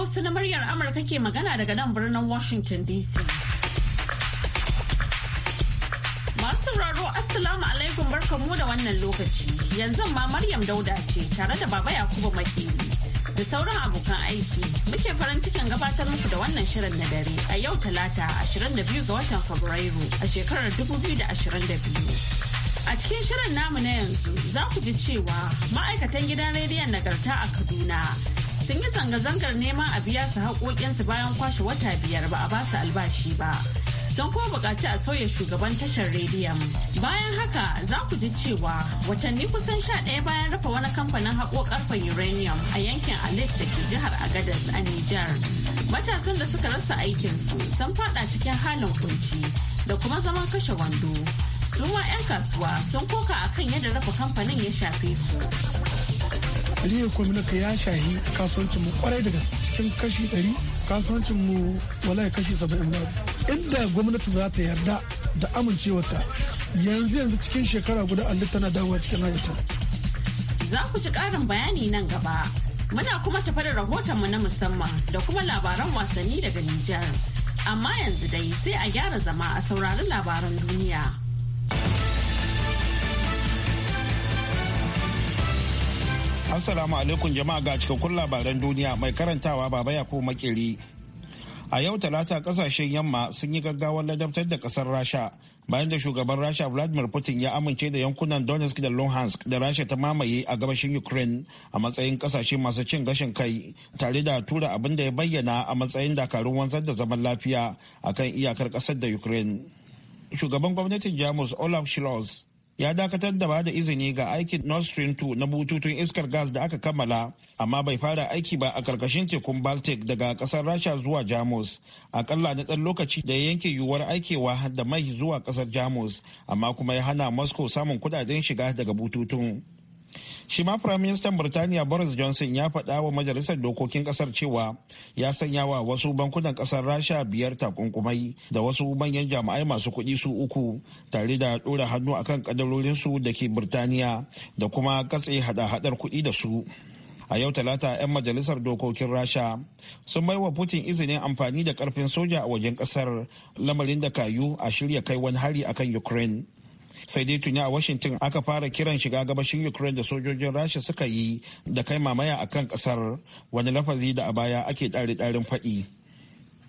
Hausa na muryar Amurka ke magana daga nan birnin Washington DC. Masu sauraro Assalamu alaikum barkamu da wannan lokaci. Yanzu ma Maryam Dauda ce tare da Baba Yakubu Makeri da sauran abokan aiki muke farin cikin gabatar muku da wannan shirin na dare a yau talata 22 ga watan Fabrairu a shekarar 2022. A cikin shirin namu na yanzu za ku ji cewa ma'aikatan gidan rediyon nagarta a Kaduna sun yi zanga-zangar neman a biya su haƙoƙinsu bayan kwashe wata biyar ba a ba su albashi ba. Sun kuma buƙaci a sauya shugaban tashar rediyon. Bayan haka za ku ji cewa watanni kusan sha ɗaya bayan rufe wani kamfanin haƙo ƙarfen uranium a yankin Aleppo da ke jihar Agadez a Nijar. Matasan da suka rasa aikinsu sun faɗa cikin halin kunci da kuma zaman kashe wando. Suma 'yan kasuwa sun koka akan yadda rufe kamfanin ya shafe su. Riya Kwaminaka ya shahi kasuwancin mu kwarai da gaske cikin kashi dari kasuwancin mu wallahi kashi saba'in babu. Inda gwamnati za ta yarda da amincewarta yanzu yanzu cikin shekara guda alli tana dawowa cikin hayyacin. Za ku ci ƙarin bayani nan gaba. Muna kuma tafa da rahotonmu na musamman da kuma labaran wasanni daga Nijar. Amma yanzu dai sai a gyara zama a saurarin labaran duniya. Assalamu alaikum jama'a ga cikakkun labaran duniya mai karantawa baba ya makeri. A yau talata kasashen yamma sun yi gaggawar ladabtar da kasar Rasha bayan da shugaban Rasha Vladimir Putin ya amince da yankunan Donetsk da Luhansk da Rasha ta mamaye a gabashin Ukraine a matsayin kasashe masu cin gashin kai tare da tura abin da ya bayyana a matsayin dakarun wanzar da zaman lafiya akan iyakar kasar da Ukraine. Shugaban gwamnatin Jamus Olaf Scholz ya dakatar da bada izini ga aikin Nord Stream 2 na bututun iskar gas da aka kammala amma bai fara aiki ba a karkashin tekun Baltic daga kasar Rasha zuwa Jamus akalla na ɗan lokaci da ya yanke yiwuwar aikewa da mai zuwa kasar Jamus amma kuma ya hana Moscow samun kudaden shiga daga bututun. shi ma firaministan birtaniya boris johnson ya faɗa wa majalisar dokokin ƙasar cewa ya sanya wa wasu bankunan ƙasar rasha biyar takunkumai da wasu manyan jami'ai masu kuɗi su uku tare da ɗora hannu akan kadarorinsu da ke birtaniya da kuma katse hada-hadar kuɗi da su a yau talata 'yan majalisar dokokin rasha sun bai wa putin izinin amfani da karfin soja a wajen kasar lamarin da kayu a shirya kai wani hari akan ukraine sai dai tuni a washington aka fara kiran shiga gabashin ukraine da sojojin rasha suka yi da kai mamaya akan kasar wani lafazi da a baya ake ɗare-ɗaren faɗi.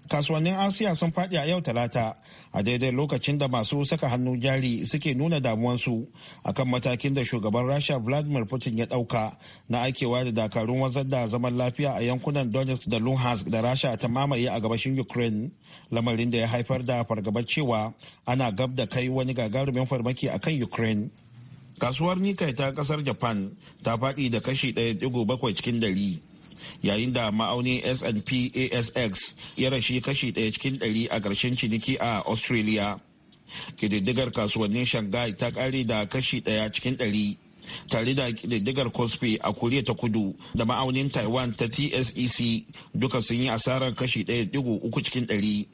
kasuwannin asiya sun faɗi a yau talata a daidai lokacin da masu saka hannu jari suke nuna damuwansu akan matakin da shugaban rasha vladimir putin ya ɗauka na aikewa da dakarun wazar da zaman lafiya a yankunan donetsk da luhansk da rasha ta mamaye a gabashin ukraine lamarin da ya haifar da fargabar cewa ana gab da kai wani gagarumin farmaki akan ukraine kasuwar nikai ta kasar japan ta faɗi da kashi 1.7 cikin dari yayin da ma'aunin S&P ASX ya rashi kashi ɗaya cikin ɗari a ƙarshen ciniki a Australia. Kididdigar kasuwannin Shanghai ta ƙare da kashi ɗaya cikin ɗari. tare da kididdigar cosby a koriya ta kudu da ma'aunin taiwan ta tsec duka sun yi asarar kashi ɗaya digo uku cikin ɗari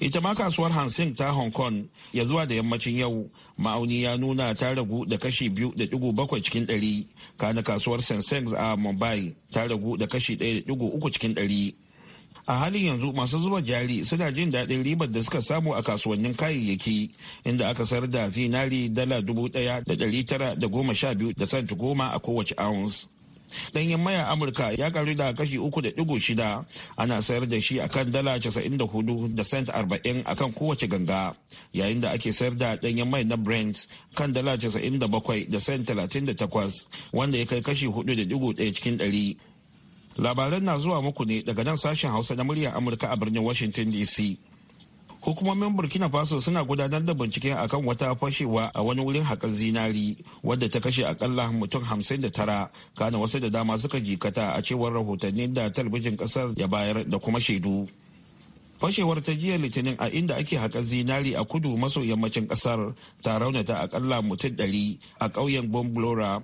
ita ma kasuwar hansin ta hong kong ya zuwa da yammacin yau ma'auni ya nuna ta ragu da kashi biyu da digo bakwai cikin ɗari kana kasuwar sensex a mumbai ta ragu da kashi ɗaya da digo uku cikin ɗari a halin yanzu masu zuba jari suna jin daɗin ribar da suka samu a kasuwannin kayayyaki inda aka sayar da zinari dala dubu ɗaya da ɗari tara da goma sha biyu da sant goma a kowace ounce danyen maya amurka ya karu da kashi shida ana sayar da shi akan dala casa'in da hudu da cent arba'in akan kowace ganga yayin da ake sayar da ɗanyen mai na brent kan dala casa'in da bakwai da cent talatin da takwas wanda ya kai kashi hudu da ɗaya cikin ɗari. labaran na zuwa muku ne daga nan sashen hausa na muryar amurka a birnin washington dc hukumomin burkina faso suna gudanar da binciken akan wata fashewa a wani wurin haƙar zinari wadda ta kashe akalla mutum hamsin da tara kana wasu da dama suka jikata a cewar rahotanni da talbijin ƙasar ya bayar da kuma shaidu fashewar ta jiya litinin a inda ake haƙar zinari a kudu maso yammacin ƙasar ta raunata akalla mutum ɗari a ƙauyen bomblora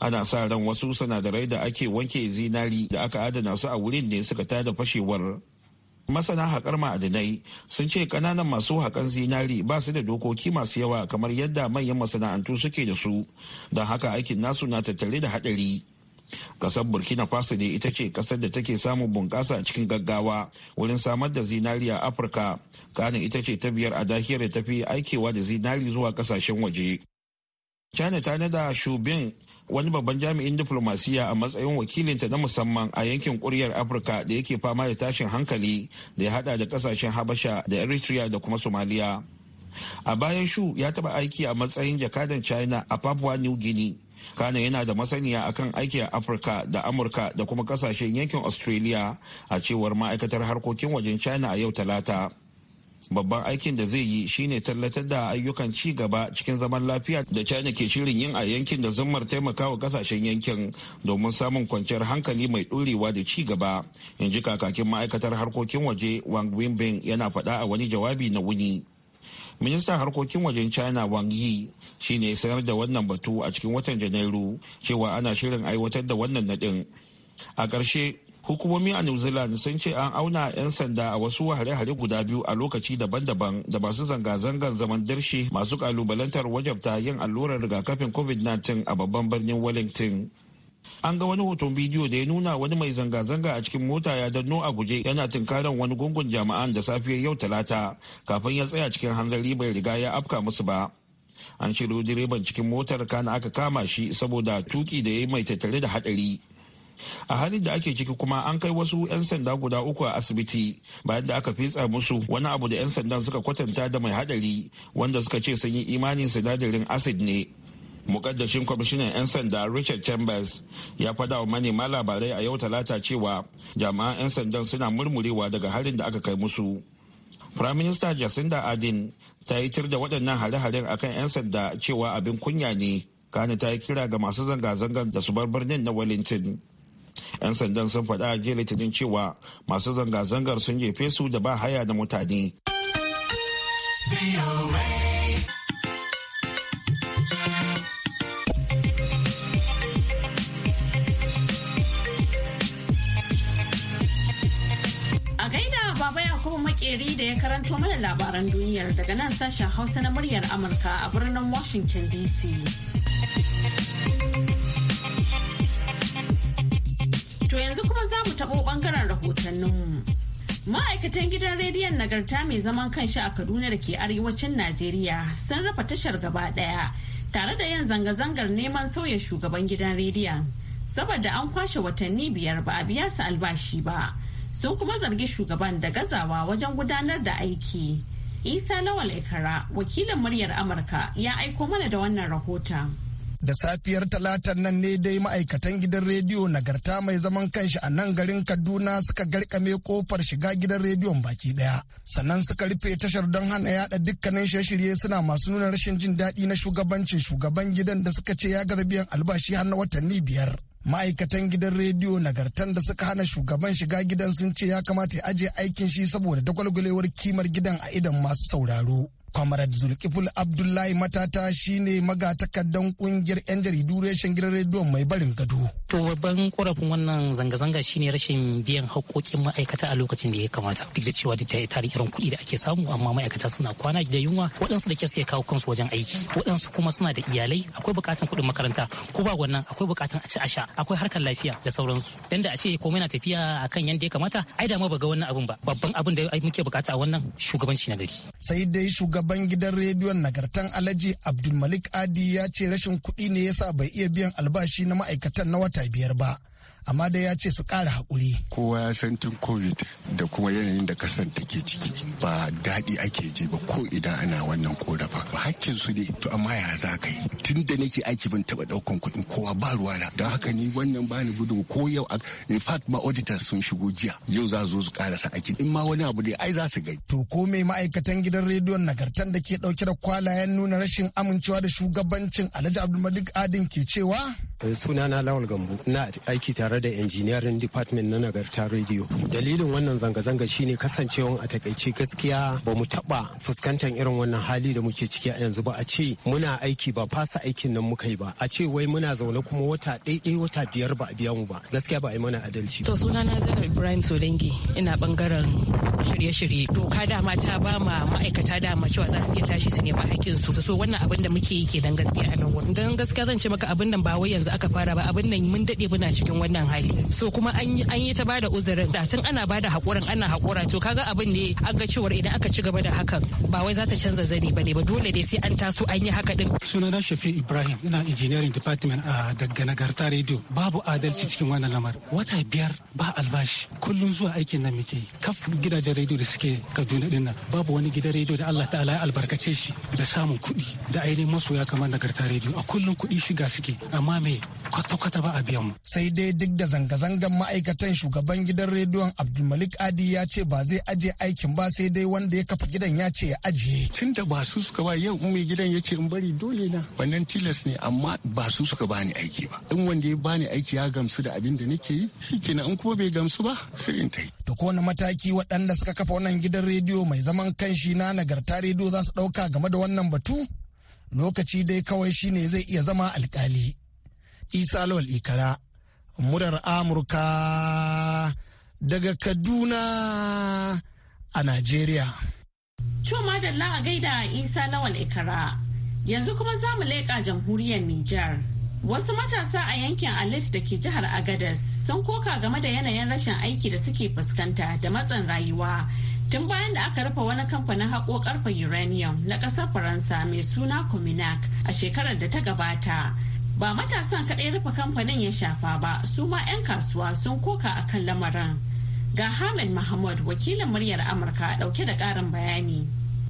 ana sa ran wasu sinadarai da ake wanke zinari da aka adana su a wurin ne suka tada fashewar masana haƙar ma'adinai sun ce ƙananan masu haƙan zinari ba su da dokoki masu yawa kamar yadda manyan masana'antu suke da su don haka aikin nasu na tattare da haɗari ƙasar burkina faso ne ita ce ƙasar da take samun bunƙasa a cikin gaggawa wurin samar da zinari a afirka kanin ita ce ta biyar a dahiyar da tafi aikewa da zinari zuwa ƙasashen waje china ta nada shubin wani babban jami'in diflomasiya a matsayin wakilinta na musamman a yankin kuryar afirka da yake fama da tashin hankali da ya hada da kasashen habasha da eritrea da kuma somaliya a bayan shu ya taba aiki a matsayin jakadan china a papua new guinea kana yana da masaniya akan aiki a afirka da amurka da kuma kasashen yankin australia a cewar ma'aikatar harkokin wajen china a yau talata babban aikin da zai yi shine tallatar da ayyukan ci gaba cikin zaman lafiya da china ke shirin yin a yankin da zammar wa kasashen yankin domin samun kwanciyar hankali mai ɗorewa da ci gaba in ji kakakin ma'aikatar harkokin waje wang wimbing yana faɗa a wani jawabi na wuni ministan harkokin wajen china wang yi shine sanar da wannan batu a cikin watan janairu cewa ana shirin aiwatar da wannan naɗin a ƙarshe hukumomi a new zealand sun ce an auna 'yan sanda a wasu hare-hare guda biyu a lokaci daban-daban da masu zanga-zangar zaman darshe masu kalubalantar wajabta yin allurar rigakafin covid-19 a babban birnin wellington an ga wani hoton bidiyo da ya nuna wani mai zanga-zanga a cikin mota ya danno a guje yana tunkarar wani gungun jama'an da safiyar yau talata kafin ya tsaya cikin hanzari bai riga ya afka musu ba an shiro direban cikin motar kana aka kama shi saboda tuki da ya yi mai tattare da hadari a halin da ake ciki kuma an kai wasu 'yan sanda guda uku a asibiti bayan da aka fitsa musu wani abu da 'yan sandan suka kwatanta da mai hadari wanda suka ce sun yi imanin sinadarin acid ne mukaddashin kwamishinan 'yan sanda richard chambers ya fada wa manema labarai a yau talata cewa jami'an 'yan sandan suna murmurewa daga harin da aka kai musu prime minister jacinda adin ta yi tir da waɗannan hare-haren akan 'yan sanda cewa abin kunya ne kana ta yi kira ga masu zanga-zangar da su bar birnin na wellington 'yan sandan sun faɗa a jere litinin cewa masu zanga-zangar sun jefe su da ba haya da mutane Yakubu Makeri da ya karanto mana labaran duniyar daga nan sashen Hausa na muryar Amurka a birnin Washington DC. mu taɓo ɓangaren rahotannin mu Ma'aikatan gidan rediyon nagarta mai zaman kanshi a Kaduna da ke arewacin Najeriya sun rufe tashar gaba ɗaya tare da yin zanga-zangar neman sauya shugaban gidan rediyon. Saboda an kwashe watanni biyar ba a biya su albashi ba. Sun kuma zargi shugaban da gazawa wajen gudanar da aiki. Isa Lawal Ikara, wakilin muryar Amurka, ya aiko mana da wannan rahoton. da safiyar talatan nan ne dai ma'aikatan gidan rediyo nagarta mai zaman kanshi a nan garin kaduna suka garkame kofar shiga gidan rediyon baki daya sannan suka rufe tashar don hana yada dukkanin shirye suna masu nuna rashin jin daɗi na shugabancin shugaban gidan da suka ce ya gaza biyan albashi har na watanni biyar ma'aikatan gidan rediyo nagartan da suka hana shugaban shiga gidan sun ce ya kamata ya ajiye aikin shi saboda dagwalgwalewar kimar gidan a idan masu sauraro Comrade Zulkiful Abdullahi Matata shine magatakardan kungiyar 'yan jaridu reshen gidan rediyon mai barin gado. To babban korafin wannan zanga-zanga shine rashin biyan haƙoƙin ma'aikata a lokacin da ya kamata. Duk da cewa duk da tarin irin kuɗi da ake samu amma ma'aikata suna kwana da yunwa waɗansu da kyarsu ya kawo kansu wajen aiki waɗansu kuma suna da iyalai akwai buƙatan kuɗin makaranta ko ba wannan akwai buƙatan a ci a sha akwai harkar lafiya da sauransu. Dan da a ce komai na tafiya akan yanda ya kamata ai da ma ba wannan abun ba babban abun da muke buƙata a wannan shugabanci na gari. Sai dai shugaban shugaban gidan rediyon nagartan alhaji abdulmalik adi ya ce rashin kuɗi ne yasa bai iya biyan albashi na ma'aikatan na wata biyar ba amma dai ya ce su kara hakuri. Kowa ya san tun COVID da kuma yanayin da kasan take ciki ba daɗi ake ji ba ko idan ana wannan ƙorafa. Hakkin su ne to amma ya za ka yi tun da nake aiki ban taɓa ɗaukan kuɗin kowa ba ruwa na don haka ni wannan bani gudun ko yau in fact ma auditors sun shigo jiya yau za zo su ƙarasa aiki in ma wani abu dai ai za su gani. To ko mai ma'aikatan gidan rediyon nagartan da ke ɗauke da kwalayen nuna rashin amincewa da shugabancin Alhaji Abdulmalik Adin ke cewa? Eh, sunana lawal gambo na aiki tare da engineering department na nagarta radio dalilin wannan zanga-zanga shine kasancewan a takaice gaskiya ba mu taba fuskantar irin wannan hali da muke ciki a yanzu ba a ce muna aiki ba fasa aikin nan muka yi ba a ce wai muna zaune kuma wata ɗaiɗai wata biyar ba a biya mu ba gaskiya ba a yi mana adalci to sunana zainab ibrahim sodangi ina bangaren shirye-shirye doka dama ta ba ma ma'aikata dama cewa za su iya tashi su nema hakkin su so wannan abin da muke yi kenan gaskiya a nan wurin dan gaskiya zan ce maka abin nan ba wai yanzu aka fara ba abin nan mun dade muna cikin wannan hali so kuma an yi ta bada uzurin da tun ana bada hakurin ana hakura to kaga abin ne an ga cewar idan aka ci gaba da hakan ba wai za ta canza zani bane ne ba dole dai sai an taso an yi haka din sunana shafi ibrahim ina engineering department a daga nagarta radio babu adalci cikin wannan lamar wata biyar ba albashi kullum zuwa aikin nan muke kaf gidajen radio da suke kaduna din nan babu wani gidan radio da allah ta'ala ya albarkace shi da samun kuɗi da ainihin masoya kamar nagarta radio a kullum kuɗi shiga suke amma me ne kwata-kwata ba a biyan. Sai dai duk da zanga-zangan ma'aikatan shugaban gidan rediyon Abdulmalik Adi ya ce ba zai aje aikin ba sai dai wanda ya kafa gidan ya ce ya ajiye. Tun da ba su suka ba yau mai gidan ya ce in bari dole na wannan tilas ne amma ba su suka bani aiki ba. In wanda ya bani aiki ya gamsu da abin da nake yi shi kenan in kuma bai gamsu ba sai in ta yi. Da kowane mataki waɗanda suka kafa wannan gidan rediyo mai zaman kanshi na nagarta rediyo za su ɗauka game da wannan batu? Lokaci dai kawai shine zai iya zama alkali. isa lawal ikara murar amurka daga kaduna a najeriya to da a gaida isa lawal ikara yanzu kuma za mu leƙa jamhuriyar nijar Wasu matasa a yankin Alit da ke jihar Agadez sun koka game da yanayin rashin aiki da suke fuskanta da matsin rayuwa tun bayan da aka rufe wani kamfanin haƙo karfe uranium na ƙasar Faransa mai suna Cominac a shekarar da ta gabata. Ba matasan kaɗai rufe kamfanin ya shafa ba, su ma 'yan kasuwa sun koka a kan lamarin. Ga Hamid Mahmud wakilin muryar Amurka ɗauke da ƙarin bayani.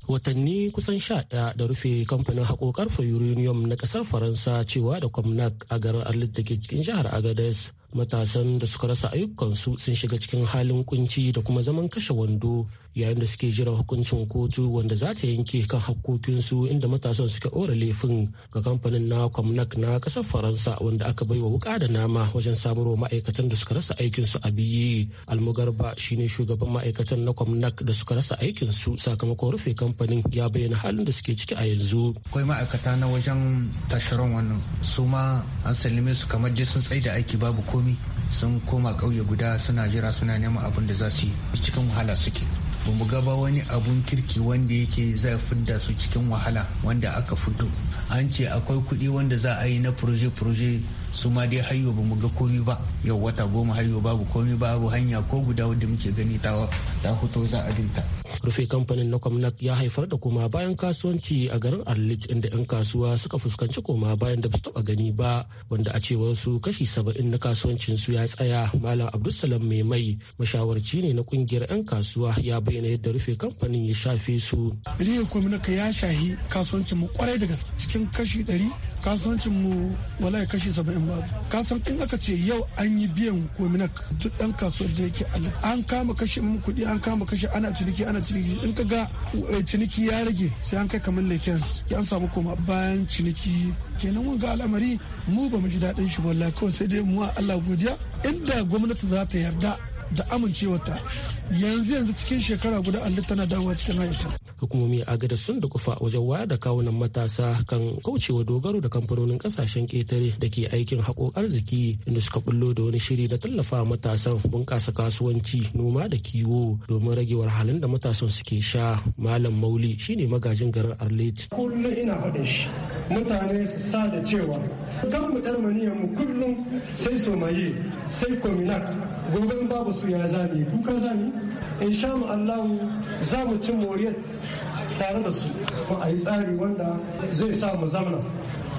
watanni kusan sha ɗaya da rufe kamfanin haƙo karfe uranium na ƙasar faransa cewa da kwamnak a garin arlit da ke cikin jihar agades matasan da suka rasa ayyukansu sun shiga cikin halin kunci da kuma zaman kashe wando yayin da suke jiran hukuncin kotu wanda za ta yanke kan hakkokinsu inda matasan suka ɗora laifin ga kamfanin na comnac na ƙasar faransa wanda aka baiwa wuƙa da nama wajen samarwa ma'aikatan da suka rasa aikinsu a biyi almugarba shine shugaban ma'aikatan na comnac da suka rasa aikinsu sakamakon rufe kamfanin ya bayyana halin da suke ciki a yanzu akwai ma'aikata na wajen tasharon wannan su ma an sallame su kamar dai sun da aiki babu komi sun koma ƙauye guda suna jira suna neman abin da za su yi cikin wahala suke ba mu gaba wani abun kirki wanda yake zai fidda su cikin wahala wanda aka fito an ce akwai kuɗi wanda za a yi na proje-proje su ma dai hayo ba mu ga komi ba yau wata goma hayo babu komi babu hanya ko guda wadda muke gani ta fito za a binta rufe kamfanin na kwamnak ya haifar da koma bayan kasuwanci a garin arlit inda 'yan kasuwa suka fuskanci koma bayan da ba gani ba wanda a cewar su kashi saba'in na kasuwancin su ya tsaya malam abdulsalam mai mai mashawarci ne na kungiyar 'yan kasuwa ya bayyana yadda rufe kamfanin ya shafe su rufe kwamnak ya shahi kasuwancin mu kwarai da gaske cikin kashi ɗari kasuwancin mu wallahi kashi saba'in babu kasan in aka ce yau an yi biyan kwamnak duk ɗan kasuwar da yake an kama kashe kuɗi an kama kashe ana ciniki ana ciniki in ka ga eh, ciniki ya rage sai an kai kamar lekens an samu koma bayan ciniki kenan wanga al'amari mu ba mu ji daɗin shi wallahi kawai sai dai mu Allah godiya inda gwamnati za ta yarda da amincewarta yanzu yanzu cikin shekara guda Allah tana dawowa cikin hayyacin hukumomi a gada sun da kufa wajen wayar da kawunan matasa kan kaucewa dogaro da kamfanonin kasashen ketare da ke aikin haƙo arziki inda suka bullo da wani shiri na tallafa matasan bunƙasa kasuwanci noma da kiwo domin rage halin da matasan suke sha malam mauli shine magajin garin arlet kullum ina faɗin shi mutane su sa cewa kan mu mu kullum sai somaye sai kominak gobe babu su ya zami kuka zami in sha mu allahu za mu ci moriyar tare da su kuma a yi tsari wanda zai sa mu zamana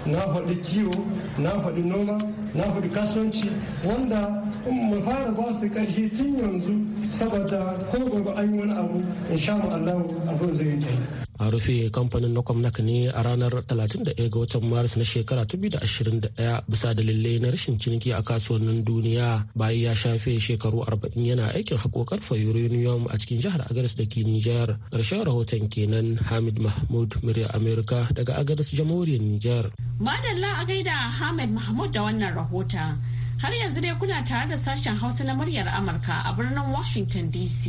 na faɗi kiwo na faɗi noma na faɗi kasuwanci wanda mu fara ba su ƙarfi tun yanzu saboda ko gobe an yi wani abu in sha mu Allah abin zai yi a rufe kamfanin na kwamnak ne a ranar 31 ga watan maris na shekara 2021 bisa dalilai na rashin ciniki a kasuwannin duniya bayan ya shafe shekaru 40 yana aikin hakokar uranium a cikin jihar agadis da ke nijar ƙarshen rahoton kenan hamid mahmud murya amerika daga agadis jamhuriyar nijar madalla a gaida hamid mahmud da wannan rahoton Har yanzu dai kuna tare da sashen Hausa na muryar Amurka a birnin Washington DC.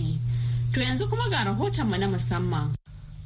To yanzu kuma ga rahoton mu na musamman.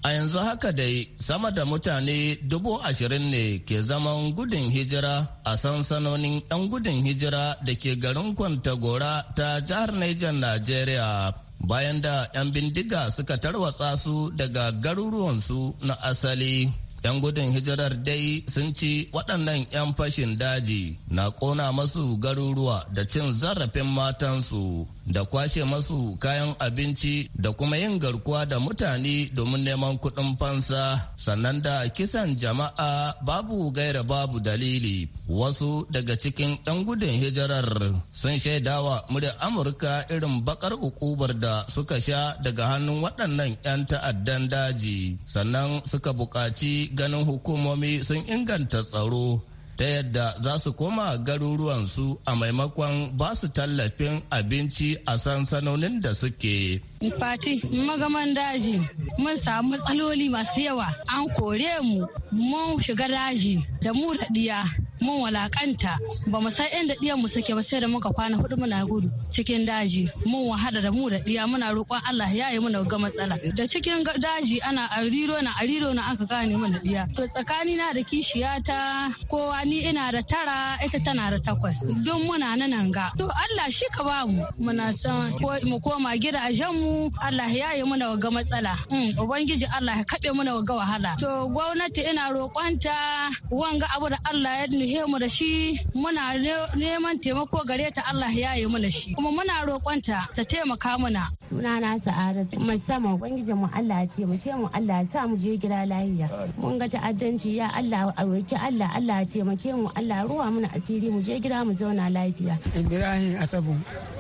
A yanzu haka dai sama da mutane dubu ashirin ne ke zaman gudun hijira a sansanonin 'yan gudun hijira da ke garin Kwantagora ta jihar Niger Najeriya. Bayan da 'yan bindiga suka tarwatsa su daga garuruwansu na asali. 'Yan gudun hijirar dai sun ci waɗannan 'yan fashin daji na ƙona masu garuruwa da cin zarafin matansu da kwashe masu kayan abinci da kuma yin garkuwa da mutane domin neman kuɗin fansa sannan da kisan jama'a babu gaira babu dalili wasu daga cikin 'yan gudun hijirar sun shaidawa murya amurka irin bakar ukubar da suka sha daga hannun waɗannan 'yan ta'addan daji sannan suka buƙaci ganin hukumomi sun inganta tsaro ta yadda za su koma garuruwansu a maimakon ba su tallafin abinci a sansanonin da suke. Fati, magaman daji, mun samu matsaloli masu yawa, an kore mu, mun shiga daji da mu da ɗiya. mun walakanta ba mu san inda diyan mu suke ba sai da muka kwana hudu muna gudu cikin daji mun wahala da mu da diya muna roƙon Allah ya yi muna ga matsala da cikin daji ana ariro na ariro na aka gane da diya to tsakani na da kishiyata kowa ni ina da tara ita tana da takwas don muna nan ga to Allah shi ka ba mu muna san mu koma gida gidajen mu Allah ya yi muna ga matsala mm, ubangiji Allah ya kabe muna ga wahala to gwamnati ina roƙonta wanga abu da Allah ya karhe mu da shi muna neman taimako gare ta Allah ya yi mana shi kuma muna roƙonta ta taimaka mana na sa'ada musamman ubangijin mu Allah ya ce mu ce mu Allah ya sa mu je gida lafiya mun ga ta'addanci ya Allah a roki Allah Allah ya ce mu ce mu Allah ruwa mana asiri mu je gida mu zauna lafiya Ibrahim Atabu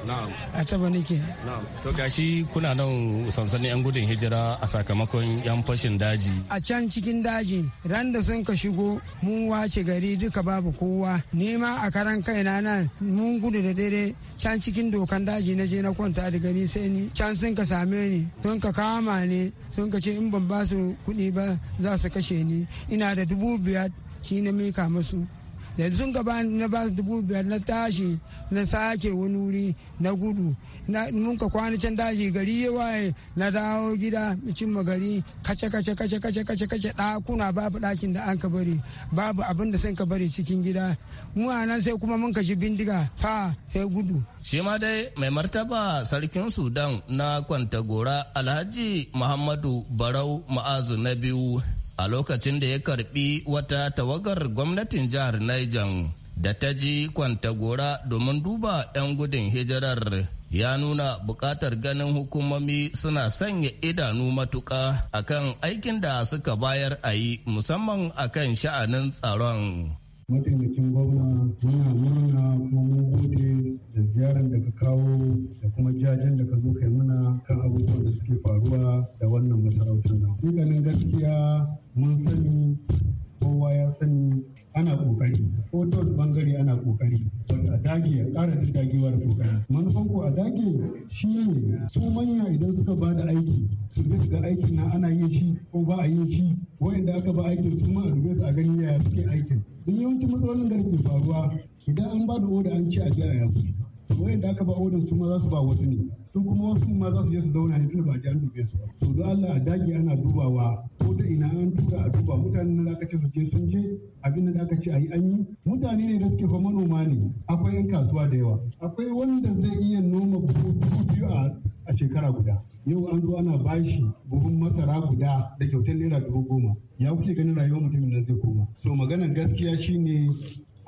na'am Atabu nake na'am to gashi kuna nan sansanin yan gudun hijira a sakamakon yan fashin daji a can cikin daji ran da sun ka shigo mun wace gari duka ba babu kowa nema a karan kaina nan mun gudu da dare can cikin dokan daji na je na kwanta da gani sai ni can sun ka same ni sun ka kama ni sun ka ce in ban basu kuɗi ba za su kashe ni ina da dubu biyar shi na mika musu yanzu gaba na ba su dubu biyar na tashi na sake wani wuri na gudu mun ka kwana can daji gari yawa na dawo gida cin gari kace kace kace kace kace kace ɗakuna babu ɗakin da an ka bari babu abin da sun ka bari cikin gida mu a nan sai kuma mun kashi bindiga fa sai gudu. shi ma dai mai martaba sarkin sudan na kwanta gora alhaji muhammadu barau ma'azu na biyu a lokacin da ya karbi wata tawagar gwamnatin jihar Niger da ta ji kwantagora domin duba 'yan gudun hijirar ya nuna bukatar ganin hukumomi suna sanya idanu matuka akan aikin da suka bayar a yi musamman akan sha'anin tsaron. mataimakin gwamna muna murna kuma mun gode da ziyarar da ka kawo da kuma jajen da ka zo kai muna kan abubuwan da suke faruwa da wannan masarautar nan. ganin gaskiya mun sani kowa ya sani ana kokari ko ta wani bangare ana kokari wanda a dage a ƙara da dagewa da kokari manufan ko a dage shi ne su manya idan suka ba da aiki su ga shiga aikin na ana yin shi ko ba a yin shi wa'inda aka ba aikin su ma a dube su a gani yaya suke aikin yi yawancin matsalolin da ke faruwa idan an ba da oda an ci a ji a yaku wa'inda aka ba odan su ma za su ba wasu ne su kuma wasu ma za su je su zauna ne tunda ba a an dube su to don Allah a dage ana dubawa ko da ina an tura a duba mutanen da aka ce su je sun je abin da aka ce a yi an yi mutane ne da suke fa manoma ne akwai yan kasuwa da yawa akwai wanda zai iya noma buhu biyu a shekara guda yau an zo ana bashi buhun masara guda da kyautar naira dubu goma ya kuke ganin rayuwar mutumin nan zai koma so maganan gaskiya shine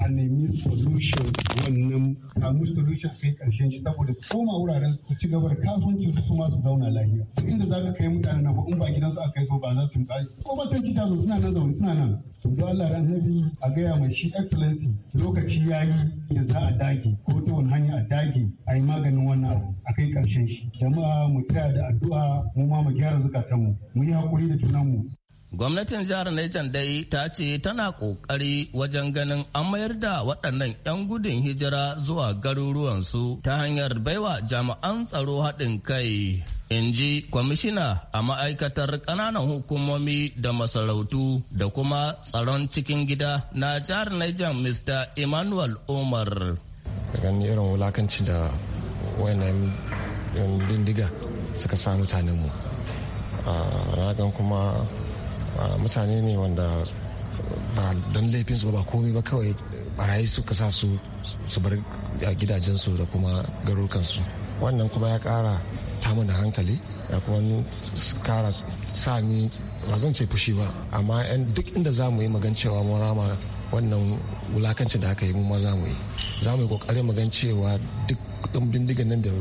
a nemi solution wannan samu solution sai karshen shi saboda koma wuraren su ci gaba da kasuwanci su ma su zauna lafiya duk inda za ka kai mutane na in ba gidansu aka kai so ba za su kai ko ba san gida suna nan zaune suna nan to don Allah ran nabi a gaya mai shi excellency lokaci yayi da za a dage ko ta wani hanya a dage a yi maganin wannan abu a kai karshen shi jama'a mu taya da addu'a mu ma mu gyara zukatanmu mu yi hakuri da junanmu Gwamnatin jihar Niger dai ta ce tana kokari wajen ganin an mayar da waɗannan 'yan gudun hijira zuwa garuruwan su ta hanyar baiwa jami'an tsaro haɗin kai. in ji kwamishina a ma'aikatar ƙananan hukumomi da masarautu da kuma tsaron cikin gida na jihar Niger Mr. Emmanuel Omar. Ganin irin wulakanci da bindiga suka sa mutanenmu. Ah, kuma Ah, mutane ne wanda ba don laifinsu ba komai ba kawai barayi suka sa su su bar gidajensu da kuma garukansu wannan kuma ya kara tamu da hankali ya kuma kara sa ni ba zan ce fushi ba amma duk inda za mu yi magan cewa mun rama wannan wulakanci da aka yi mu ma za mu yi za mu yi kokarin magan cewa duk yan bindigan nan da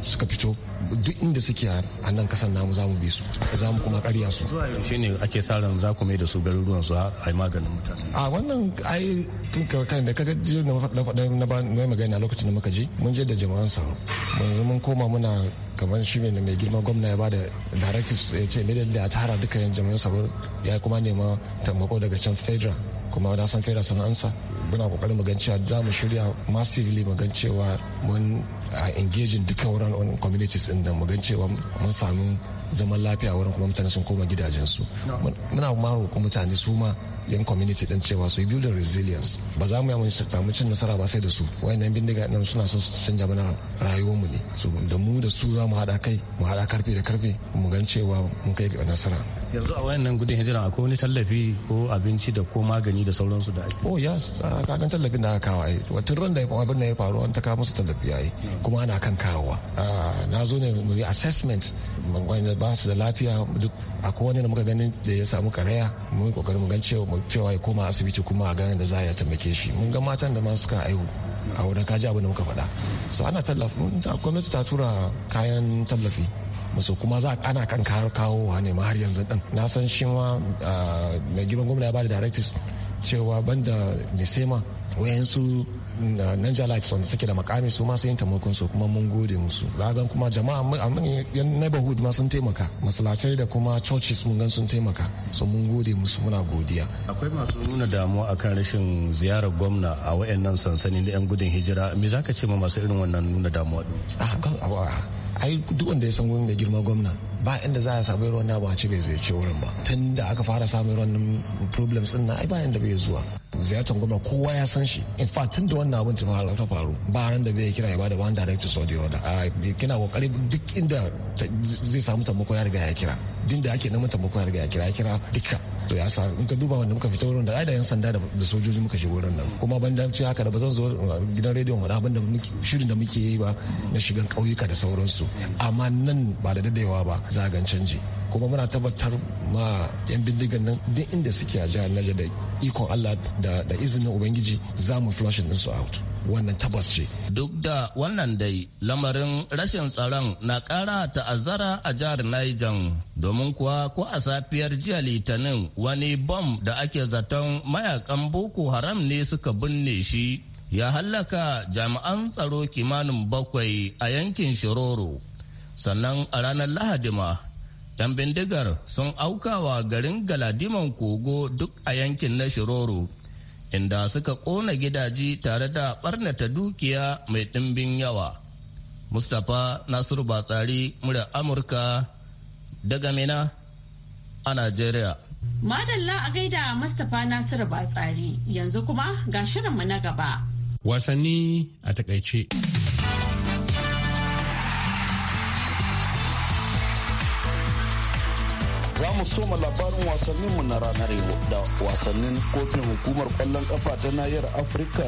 suka fito duk inda suke a nan kasan namu za mu bi su za mu kuma karya su shi ne ake sa ran za ku mai da su garuruwan su a yi maganin mutane a wannan ai kan da kaga na faɗa na ba magana lokacin da muka je mun je da jama'an tsaro mun mun koma muna kamar shi ne mai girma gwamna ya bada directives ya ce middle da ya tara duka yan jama'an sa ya kuma nema taimako daga can federal kuma na san federal sun ansa muna kokarin magan cewa za mu shirya massively magan cewa mun engage duka wuran communities din nan magan cewa mun samu zaman lafiya wurin kuma mutane sun koma gidajensu muna ma roƙo mutane su ma yan community din cewa su build resilience ba za mu yi samu cin nasara ba sai da su wayannan bindiga nan suna son su canja mana rayuwar mu ne so da mu da su za mu haɗa kai mu haɗa karfe da karfe mu gan cewa mun kai nasara yanzu a wayannan gudun hijira ko wani tallafi ko abinci da ko magani da sauransu da ake oh yes ah, kagan tallafin da aka kawo ai wata ran da abin da ya faru an ta kawo musu tallafi ai kuma ana kan kawowa ah, na zo ne mu yi assessment wanda ba su da lafiya duk akwai wani da muka ganin da ya samu karaya mun kokarin mu gan cewa mu cewa ya koma asibiti kuma a ganin da za a taimake shi mun ga matan da ma suka aihu a wurin kaji abin da muka faɗa so ana tallafi gwamnati ta tura kayan tallafi musu kuma za ana kan kawo kawowa ne ma har yanzu din na san shi ma mai girman gwamna ya ba da directives cewa banda nisema wayansu nan jalaki wanda suke da makami su masu yin taimakon su kuma mun gode musu ragan kuma jama'a a yan neighborhood ma sun taimaka masalacai da kuma churches mun gan sun taimaka so mun gode musu muna godiya akwai masu nuna damuwa akan rashin ziyarar gwamna a wayannan sansanin da yan gudun hijira me zaka ce ma masu irin wannan nuna damuwa din ah, ai duk wanda ya san wani mai girma gwamna ba inda za a sami ruwan na ba bai zai ce wurin ba tun da aka fara samun ruwan wannan problems din na ai ba inda bai zuwa ziyartar gwamna kowa ya san shi in fact tun da wannan abin ta faru ba ran da bai kira ya bada one director so the other kina kokari duk inda zai samu tambako ya riga ya kira din da ake neman tambako ya riga ya kira ya kira duka to ya sa in ka duba wanda muka fita wurin da ai da yan sanda da sojoji muka shiga wurin nan kuma ban dace haka da ba zan zo gidan rediyon wani abin da shirin da muke yi ba na shigan kauyuka da sauransu amma nan ba da dadewa ba za canji kuma muna tabbatar ma yan bindigan nan duk inda suke a jihar Niger da ikon Allah da izinin Ubangiji za mu flushing din su out wannan tabbas ce. Duk da wannan dai lamarin rashin tsaron na kara ta'azzara a jihar Niger domin kuwa ko a safiyar jiya litinin wani bom da ake zaton mayakan Boko Haram ne suka binne shi ya hallaka jami'an tsaro kimanin bakwai a yankin Shiroro. sannan a ranar lahadi ma yan bindigar sun aukawa garin galadiman kogo duk a yankin na shiroro inda suka ƙona gidaje tare da ɓarnata dukiya mai ɗimbin yawa mustapha Nasir batsari mura amurka daga mina a najeriya madalla a gaida mustapha Nasir batsari yanzu kuma ga shirinmu na gaba wasanni a takaice Za mu soma labarin wasanninmu na ranar yau da wasannin kofin hukumar kwallon kafa ta nahiyar Afirka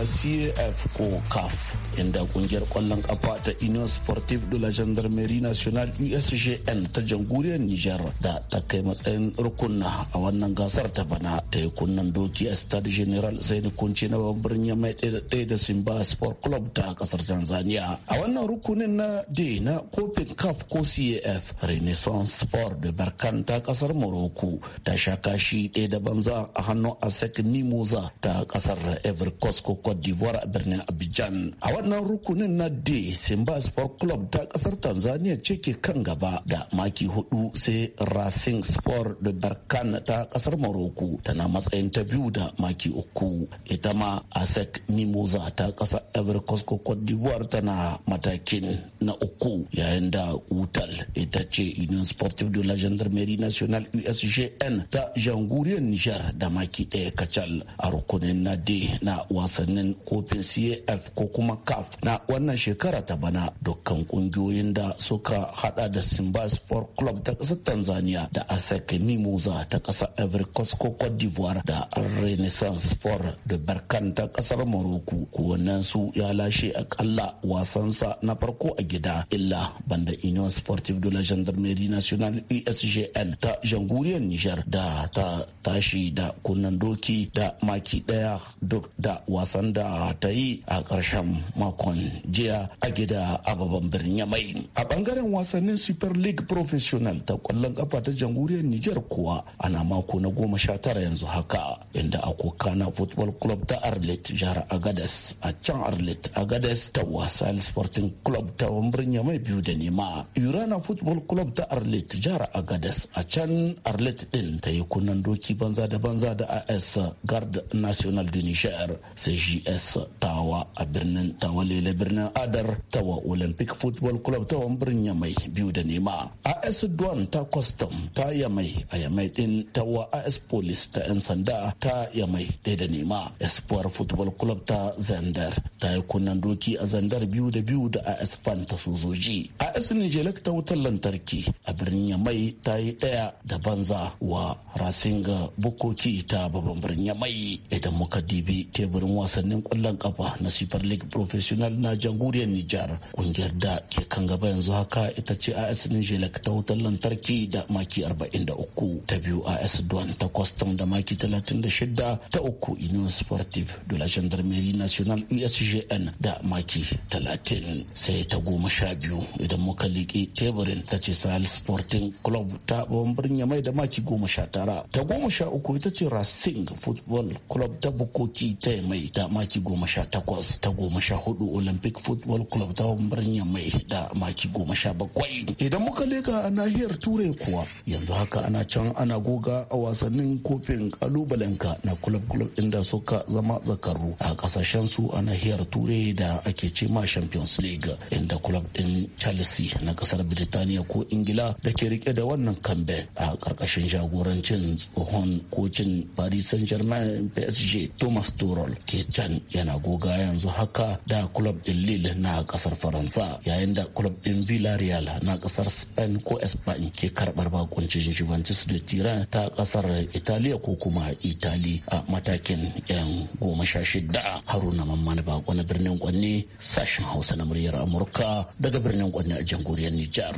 CAF ko CAF. inda kungiyar kwallon kafa ta union sportive de la gendarmerie nationale usgn ta jamhuriyar niger da ta kai matsayin rukunna a wannan gasar ta bana ta yi kunnan doki a stade general zaini kunce na babban yamai ɗaya da simba sport club ta kasar tanzania a wannan rukunin na d na kofin caf ko caf renaissance sport da barkan ta kasar morocco ta sha kashi ɗaya da banza a hannun asec nimoza ta kasar ivory ko cote d'ivoire a birnin abidjan a na rukunin na D Simba Sport Club ta kasar Tanzania ce ke kan gaba da maki hudu sai Racing Sport da berkan ta kasar Morocco tana matsayin ta biyu da maki uku. Ita ma ASEC Mimosa ta kasar Ivory Coast Cote d'Ivoire tana matakin na uku yayin da Utal ita ce Union Sportive de la Gendarmerie Nationale USGN ta janguriyar niger da maki ɗaya kacal a rukunin na D na wasannin kofin CAF ko kuma ka caf na wannan shekara ta bana dukkan kungiyoyin da suka hada da simba sport club ta kasar tanzania da asec mimosa ta kasar ivory coast ko cote d'ivoire da renaissance sport da barkan ta kasar morocco kowannen su ya lashe akalla sa na farko a gida illa banda union sportive de la gendarmerie nationale usgn e ta janguriyar niger da ta tashi da kunnan doki da maki daya duk da wasan da ta yi a ƙarshen makon jiya a gida a babban birnin yamai a bangaren wasannin super league professional ta kwallon kafa ta jamhuriyar niger kuwa ana mako na goma sha tara yanzu haka inda akoka na football club ta arlet jihar agadas a can arlet agadas ta wasa sporting club ta birnin yamai biyu da nema urana football club ta arlet jihar agadas a can arlet din ta yi kunnan doki banza da banza da as guard national de niger sai gs tawa a birnin tawa walele birnin adar tawa wa olympic football club ta wambirin yamai biyu da nema as duan ta custom ta yamai a yamai din ta wa as police ta yan sanda ta yamai ɗaya da nema espoir football club ta zandar ta yi kunnan doki a zandar biyu da biyu da as fan ta sojoji as nijelek ta wutar lantarki a birnin yamai ta yi ɗaya da banza wa rasinga bukoki ta babban birnin yamai idan muka dibi teburin wasannin kwallon kafa na super league professional na jamhuriyar Nijar. Kungiyar da ke kan gaba yanzu haka ita ce AS Nijelek ta wutar lantarki da maki 43 ta biyu AS Duan ta Custom da maki 36 ta uku Union Sportive de la Gendarmerie National USGN da maki 30 sai ta goma sha biyu idan muka liƙe teburin ta ce Sahel Sporting Club ta babban birnin mai da maki goma sha tara ta goma sha uku ita ce Racing Football Club ta Bukoki ta mai da maki goma sha takwas ta goma sha hudu olympic football club ta birnin mai da maki goma sha bakwai idan muka leka a nahiyar turai kuwa yanzu haka ana can ana goga a wasannin kofin kalubalenka na club club inda suka zama zakaru a kasashen su a nahiyar turai da ake ce ma champions league inda club din chelsea na kasar birtaniya ko ingila da ke rike da wannan kambe a karkashin jagorancin tsohon kocin paris saint germain psg thomas tuchel ke can yana goga yanzu haka da da kulob din lille na kasar faransa yayin da club din villarreal na kasar spain ko espan ke karbar bakuncin juventus da tira ta kasar italiya ko kuma itali a matakin yan goma sha shida haruna mamman bako na birnin kwanne sashen hausa na muryar amurka daga birnin kwanne a jamhuriyar nijar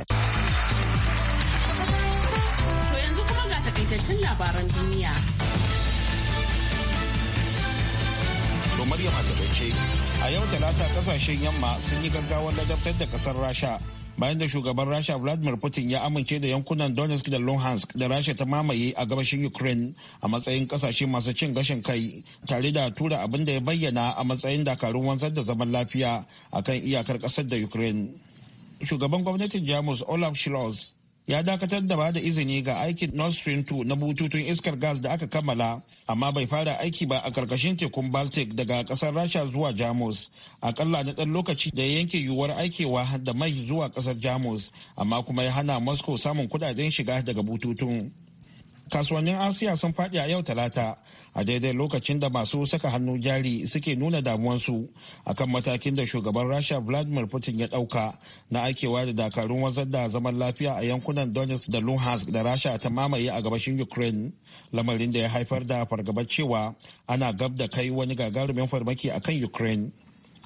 To yanzu kuma ga labaran duniya. Maryam a takaice. A yau talata kasashen yamma sun yi gaggawar ladabtar da kasar Rasha bayan da shugaban Rasha Vladimir Putin ya amince da yankunan Donetsk da Luhansk da Rasha ta mamaye a gabashin Ukraine a matsayin kasashe masu cin gashin kai tare da tura abin da ya bayyana a matsayin dakarun wanzar da zaman lafiya akan iyakar kasar da Ukraine. Shugaban gwamnatin Jamus Olaf Scholz ya dakatar da ba da izini ga aikin Nord Stream 2 na bututun iskar gas da aka kammala amma bai fara aiki ba a karkashin tekun Baltic daga kasar Rasha zuwa Jamus akalla na ɗan lokaci da ya yanke yiwuwar aikewa da mai zuwa kasar Jamus amma kuma ya hana Moscow samun kudaden shiga daga bututun. kasuwannin asiya sun faɗi a yau talata a daidai lokacin da masu saka hannu jari suke nuna damuwansu akan matakin da shugaban rasha vladimir putin ya ɗauka na aikewa da dakarun wazar da zaman lafiya a yankunan donetsk da luhansk da rasha ta mamaye a gabashin ukraine lamarin da ya haifar da fargabar cewa ana gab da kai wani gagarumin farmaki akan ukraine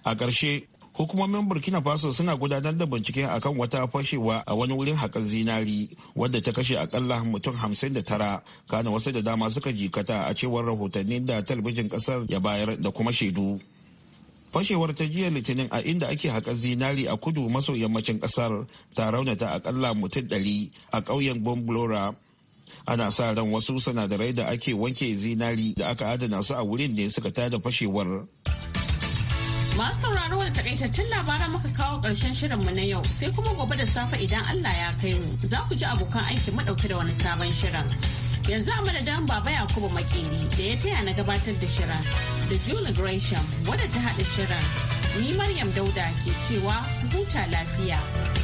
a ƙarshe hukumomin burkina faso suna gudanar da bincike akan wata fashewa a wani wurin haƙar zinari wadda ta kashe akalla mutum hamsin da tara kana wasu da dama suka jikata a cewar rahotanni da talabijin ƙasar ya bayar da kuma shaidu fashewar ta jiya litinin a inda ake haƙar zinari a kudu maso yammacin ƙasar ta raunata akalla mutum ɗari a ƙauyen bomblora ana sa ran wasu sanadarai da ake wanke zinari da aka adana su a wurin ne suka tada fashewar Masu sauraro da takaitattun labaran muka kawo ƙarshen shirinmu na yau sai kuma gobe da safe idan Allah ya kai mu za ku ji abokan aiki madauke da wani sabon shirin. Yanzu a madadin Baba Yakubu Makeri da ya taya na gabatar da shirin da Julie Gresham wadda ta haɗa shirin. Ni Maryam Dauda ke cewa huta lafiya.